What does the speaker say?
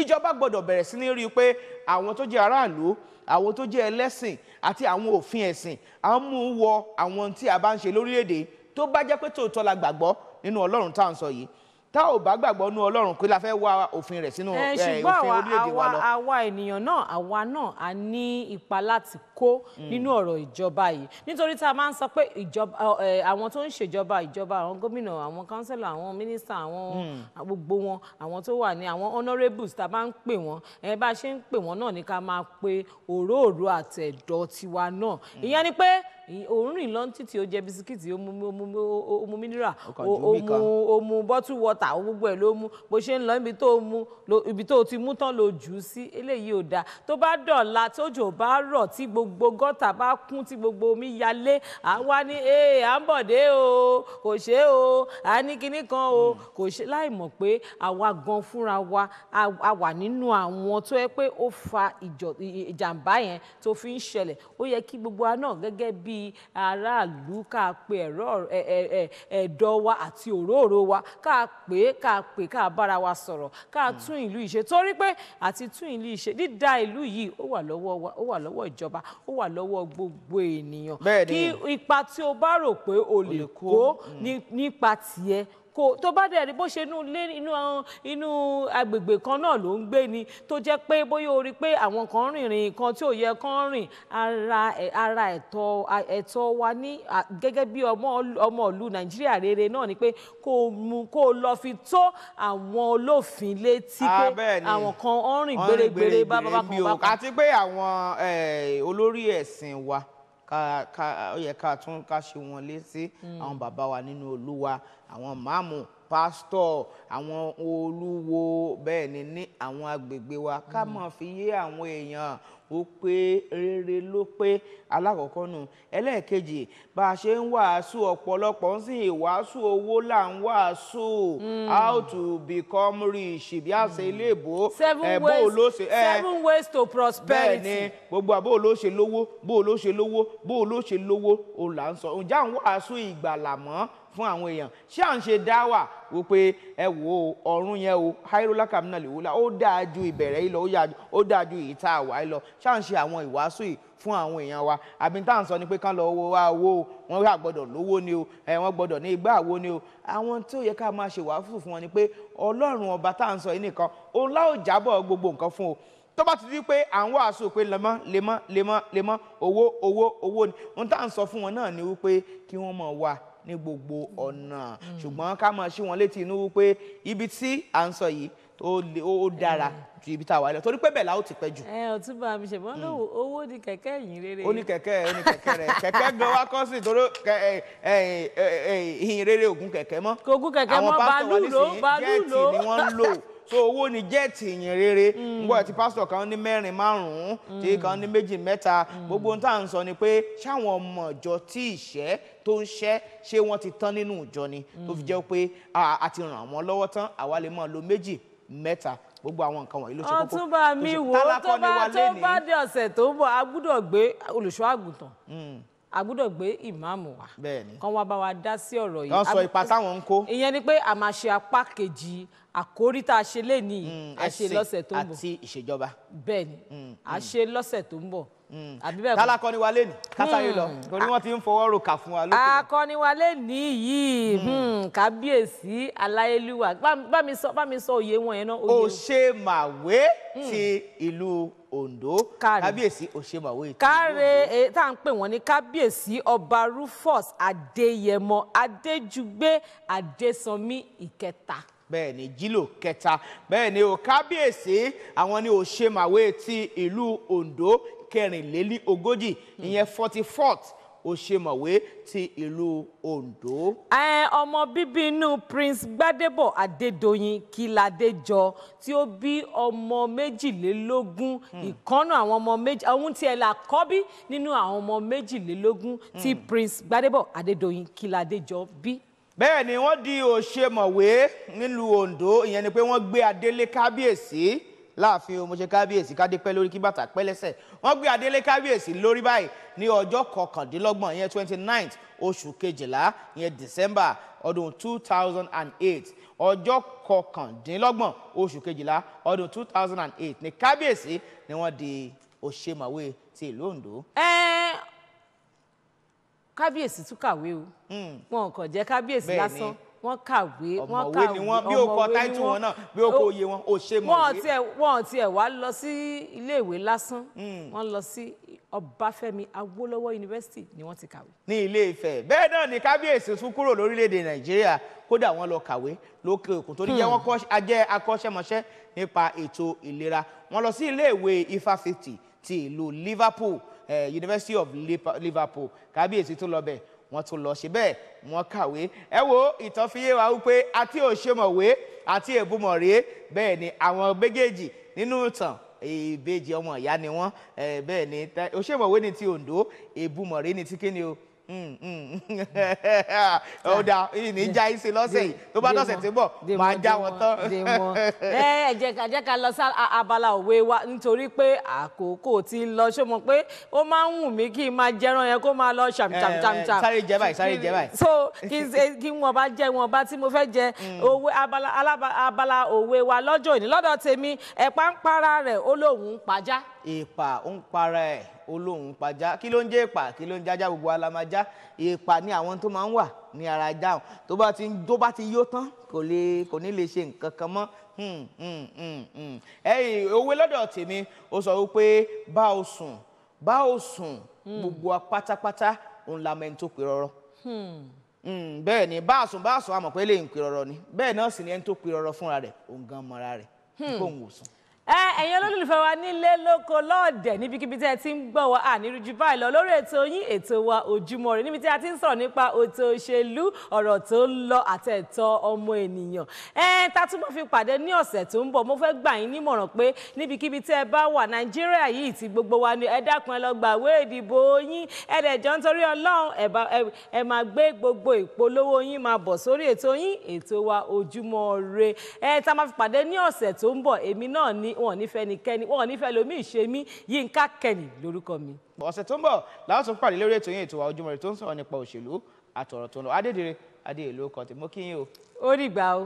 ìjọba gbọ́dọ̀ bẹ̀rẹ̀ sí ní rí i pé àwọn tó jẹ́ aráàlú àwọn tó jẹ́ ẹlẹ́sìn àti àwọn òfin ẹ̀sìn à ń mú wọ àwọn tí a bá ń ṣe lórílẹ̀‐èdè tó bá jẹ́ pé tòótọ́ la gbàgbọ́ nínú Ọlọ́run tá sọ yìí tá ò bá gbàgbọ́ nú ọlọ́run pé la fẹ́ wá òfin rẹ̀ sínú òfin orílẹ̀-èdè wa lọ. ṣùgbọ́n àwa ènìyàn náà àwa náà a ní ipa láti kó hmm. nínú ọ̀rọ̀ ìjọba yìí nítorí tá a máa ń sọ pé ìjọba àwọn tó ń ṣèjọba ìjọba àwọn gómìnà àwọn kánsẹ́lọ̀ àwọn mínísítà àwọn hmm. gbogbo wọn àwọn tó wà ní àwọn honourables tá a bá ń pè wọ́n ẹ bá ṣe ń pè wọ́n náà ní ká máa pe òróòro àtẹ̀dọ̀ tiwa náà hmm. ìyẹn ni pé òórùn lọ títí ó jẹ bisikíìtì ó mu mineral ó mu bottle water ó gbogbo ẹ̀ ló mu bó ṣe ń lọ ibi tó mu ibi tó ti mú tán ló jù ú sí eléyìí ò dáa tó bá dọ̀la tójò bá rọ̀ tí gbogbo gọ́tà bá kún tí gbogbo omi yalé à ń wá ní ee à ń bọ̀dé o kò ṣe o à ní kinní kan o hmm. kò ṣe láì mọ̀ pé àwa gan fúnra wa a wà nínú àwọn tó yẹ pé ó fa ìjàmbá yẹn tó fi ń ṣẹlẹ̀ ó yẹ kí gbogbo wa náà gẹ́gẹ́ bí bíi aráàlú ká pe ẹ̀dọ̀ wa àti òróòro wa ká pè é ká pè ká bára wa sọ̀rọ̀ ká hmm. tún ìlú yìí torí pé àti tún ìlú yìí dídá ìlú yìí ó wà lọ́wọ́ wa ó wà lọ́wọ́ ìjọba ó wà lọ́wọ́ gbogbo ènìyàn kí ipa tí o bá rò pé o lè kó hmm. nípa tiẹ̀ kò tó bá dẹ̀ rí bó ṣe inú ilé inú inú agbègbè kan náà ló ń gbé ni tó jẹ́ pé bóyá o rí pé àwọn kan rìnrìn kan tí ò yẹ kán rìn ara ara ẹ̀tọ́ ẹ̀tọ́ wa ní gẹ́gẹ́ bí ọmọ ọmọ ìlú nàìjíríà rere náà ni pé kó o mú kó o lọ fi tó àwọn olófin létí ah, pé àwọn kan ọ̀rìn gbèrègbèrè bá bàbá kan bá kan. àti pé àwọn eh, olórí ẹ̀sìn wa ó yẹ ká tún ká ṣe wọn létí hmm. àwọn bàbá wa nínú olúwa àwọn máàmù pásítọ̀ àwọn olúwo bẹ́ẹ̀ ni ní àwọn agbègbè wa ká hmm. máa fi yé àwọn èèyàn ó pé rere ló pé alákọ̀ọ́kọ́ nù ẹlẹ́ẹ̀kejì bá a ṣe ń wàásù ọ̀pọ̀lọpọ̀ ń sìn ìwàásù owó là ń wàásù hmm. how to become rich bí a ṣe ilé ìbò ẹ̀bó hmm. eh, ló ṣe ẹ̀ eh. seven ways to prosperity bẹ́ẹ̀ ni gbogbo àbó ló ṣe lówó bó ló ṣe lówó bó ló ṣe lówó òun là ń sọ ǹjẹ́ à wàásù ìgbàlà mọ́ fún àwọn èèyàn ṣé à ń ṣe dáwà wípé ẹ wo ọ̀run yẹn o hairolaka mi náà lè wúlà ó dáa ju ìbẹ̀rẹ̀ yìí lọ ó dáa ju èyí tá a wà yìí lọ ṣáà ń ṣe àwọn ìwàásù yìí fún àwọn èèyàn wa àbí tá à ń sọ ni pé kán lọ wo wá owó o wọn yà gbọ́dọ̀ lówó ni o ẹ wọn gbọ́dọ̀ ní igbá àwo ni o àwọn tí ó yẹ ká máa ṣe wàásù fún wọn ni pé ọlọ́run ọba tá à ń sọ yìí nìkan òun láò jábọ̀ gbogbo nǹkan fún o tó bá ti di pé à ń wàásù pé lemọ́ lemọ́ lemọ́ lemọ́ owó owó owó ni ohun tá à ń sọ fún wọn náà ni wípé kí wọ́n máa wà ní gbogbo mm. ọ̀nà mm. ṣùgbọ́n ká máa ṣí wọn létí inú wípé ibi tí à ń sọ yìí ó dára mm. ju ibi tá a wà lọ torí pé bẹ́ẹ̀ la ó ti pẹ́ jù. ẹ ọtún bá mi ṣègbọn ló owó ni kẹ̀kẹ́ yìí rere. ó ní kẹ̀kẹ́ ó ní kẹ̀kẹ́ rẹ kẹ̀kẹ́ gan wa kọ́ sí torí ìhìn rere ògùn kẹ̀kẹ́ mọ́. kò gùn kẹ̀kẹ́ mọ́ bàálù ló bàálù ló àwọn pásítọ̀ wọlé sí jẹ́ẹ̀tì ni wọ́n ń lò so owó ni jẹ́ẹ̀tì ìyìn rere mm. ngbọ́ ti pásítọ̀ kan ní mẹ́rin márùn-ún mm. tí kan ní méjì mẹ́ta mm. gbogbo ohun tá à ń sọ ni pé ṣáwọn ọmọ ìjọ tí ìṣẹ́ tó ń ṣẹ́ ṣé wọ́n ti tán nínú ìjọ ni tó fi jẹ́ pé a ti ràn wọ́n lọ́wọ́ tán àwa lè máa lo méjì mẹ́ta gbogbo àwọn nǹkan wọ̀nyí ló ṣe kókó ọtún bá mi wò tó bá dé ọ̀sẹ̀ tó ń bọ̀ a gbé olùṣọ́ a gbọ́dọ̀ gbé ìmáàmù wa kán wá bá wa dá sí ọ̀rọ̀ yìí. wọ́n sọ ipa táwọn ń kó. ìyẹn ni pé a máa ṣe apá kejì àkórí tá a ṣe lé ní hmm, a lọ́sẹ̀ tó ń bọ̀. àti ìṣèjọba. bẹ́ẹ̀ ni hmm, hmm. lọ́sẹ̀ tó ń bọ̀ tálákọ́ni wa lẹ́nì kásáré lọ hmm. torí wọ́n ti ń fọwọ́ rò kà fún wa lókè. akọ́niwalé ní yìí hmm. Hmm. kábíyèsí aláyélúwà bá mi sọ òye wọn yẹn náà. òṣèmàwé ti ìlú Ondo kábíyèsí òṣèmàwé ti ìlú Ondo. káre tá à ń pè wọ́n ní kábíyèsí ọba Rufus Adéyẹmọ Adéjúgbé Adésànmí ìkẹta bẹ́ẹ̀ ni jílò kẹta bẹ́ẹ̀ ni ò kábíyèsí àwọn ni ò ṣe màwé ti ìlú Ondo kẹrìnlélí ogójì ìyẹn forty fourth òṣèmọ̀wé ti ìlú Ondo. ẹ ọmọ bíbí inú Prince Gbadebo Adédoyin Kíládéjọ tí ó bí ọmọ méjìlélógún hmm. ìkànnà àwọn ọmọ méjì ohun tí ẹ là kọ́bí nínú àwọn ọmọ méjìlélógún tí hmm. Prince Gbadebo Adédoyin Kíládéjọ bí bẹ́ẹ̀ ni wọ́n di òṣèmọ̀wé nílùú Ondo ìyẹn ni pé wọ́n gbé adélé kábíyèsí láàfin omoṣe kábíyèsí kádépẹ́ lórí kí bàtà pẹ́ lẹ́sẹ̀ wọ́n gbé adélé kábíyèsí lórí báyìí ní ọjọ́ kọkàndínlọ́gbọ̀n ìyẹn twenty nine oṣù kejìlá ìyẹn December ọdún two thousand and eight ọjọ́ kọkàndínlọ́gbọ̀n oṣù kejìlá ọdún two thousand and eight ní kábíyèsí ni wọ́n di òṣèmọ̀wé ti ìlú Ondo. ẹẹ kábíyèsí tún kàwé o hmm. wọn kàn jẹ́ kábíyèsí lásán wọ́n kàwé wọ́n kàwé ọmọwé ni wọ́n bí o kọ táìtù wọn náà bí o kọ oyè wọn ò ṣe mọ̀wé. wọ́n tiẹ̀ wá lọ sí iléèwé lásán hmm. wọ́n lọ sí Ọbáfẹ́mi Awólọ́wọ̀ yunifásitì ni wọ́n ti kàwé. ní Ilé Ifẹ̀ bẹ́ẹ̀ náà ni kábíyèsí tún kúrò lórílẹ̀‐èdè Nàìjíríà kódà wọ́n lọ kàwé lókè òkun tó ní jẹ́ hmm. wọ́n jẹ́ akọ́ṣẹ́mọṣẹ́ nípa ètò ìlera wọ́n lọ sí iléèwé ifásitì ti ìlú Liverpool Eh, University of Liverpool kábíyèsí tó lọ bẹ̀ wọ́n tún lọ ṣe bẹ́ẹ̀ wọ́n kàwé ẹ wo ìtàn fi yé wa wípé àti òṣèmọ̀wé àti èbúmọ̀rẹ́ bẹ́ẹ̀ ni àwọn méjèèjì nínú ìtàn ìbejì ọmọ ìyá ni wọ́n eh, bẹ́ẹ̀ ni òṣèmọ̀wé ni ti Ondo èbúmọ̀rẹ́ ni ti kíni o ọ̀dà ìníjà ìṣe lọ́sẹ̀ yìí tó bá lọ́sẹ̀ tó bọ̀ máa já wọn tán. ẹ jẹ́ ká lọ sí abala òwe wa nítorí pé àkókò ti lọ ṣó mọ̀ pé ó máa ń wù mí kí n máa jẹran yẹn kó máa lọ ṣàmìṣàmìṣàmìṣàm. Eh, sáré jẹ báyìí sáré jẹ báyìí. so kí n ṣe kí wọn bá jẹ wọn bá tí mo fẹ́ jẹ mm. òwe abala òwe wa lọ́jọ́ òní lọ́dọ̀ tèmi ẹ̀pá ń para rẹ̀ ó lóun ń pajá. ìpà ń para ẹ̀ ó lóun ń pajá kí ló ń jẹ́ ajá ipa ni àwọn tó máa ń wà ní ara ajá o tó bá ti tó bá ti yó tán kò lè kò ní lè ṣe nǹkan kan mọ́ hmm, hmm, hmm, ẹ̀yìn òwe lọ́dọ̀ tèmi ó sọ wípé bá o sùn bá o sùn gbogbo pátápátá òun lamẹ́ni tó pè rọ́rọ́ bẹ́ẹ̀ ni bá a sùn bá a sùn a pé lè ń pè rọ́rọ́ ni bẹ́ẹ̀ náà sì ni ẹni tó pè rọ́rọ́ fúnra rẹ̀ òun gan mọ́ra rẹ̀ kó òun wò sùn ẹ̀yin olólùfẹ́ wa nílé lóko lọ́ọ̀dẹ̀ níbikíbi tí ẹ ti ń gbọ́ wa àníríjú báyìí lọ lórí ètò yín ètò wa ojúmọ́ rẹ̀ níbi tí a ti ń sọ̀rọ̀ nípa ètò òṣèlú ọ̀rọ̀ tó ń lọ àti ẹ̀tọ́ ọmọ ènìyàn ẹ ta tún bọ́ fi pàdé ní ọ̀sẹ̀ tó ń bọ̀ mo fẹ́ gbà yín nímọ̀ràn pé níbikíbi tí ẹ bá wà nàìjíríà yìí ti gbogbo wa ni ẹ dákun ẹ lọ gbà wé ìdìbò yín ẹ dẹ̀ jọ nítorí ọlọ́run ẹ máa gbé gbogbo ìpolówó yín máa bọ̀ sórí ètò yín ètò wa ojúmọ́ rẹ̀ ẹ ta máa fi pàdé ní ọ̀sẹ̀ tó ń bọ̀ èmi náà ni wọn ò ní fẹ́ ẹnikẹ́ni wọn ò ní fẹ́ lomi ìṣe mí Yínká Kẹ́ni lórúkọ mi. ọ̀sẹ̀ tó ń bọ̀ làwọn tún pàdé lórí ètò yín ètò wa Ojúmọ́ Ire tó ń sọ̀rọ̀ nípa òṣèlú àtọ̀rọ̀ tó ń lọ Adédire Adéyèlú ọkọ̀ tèmọ́kíyìn o. ó dìgbà o.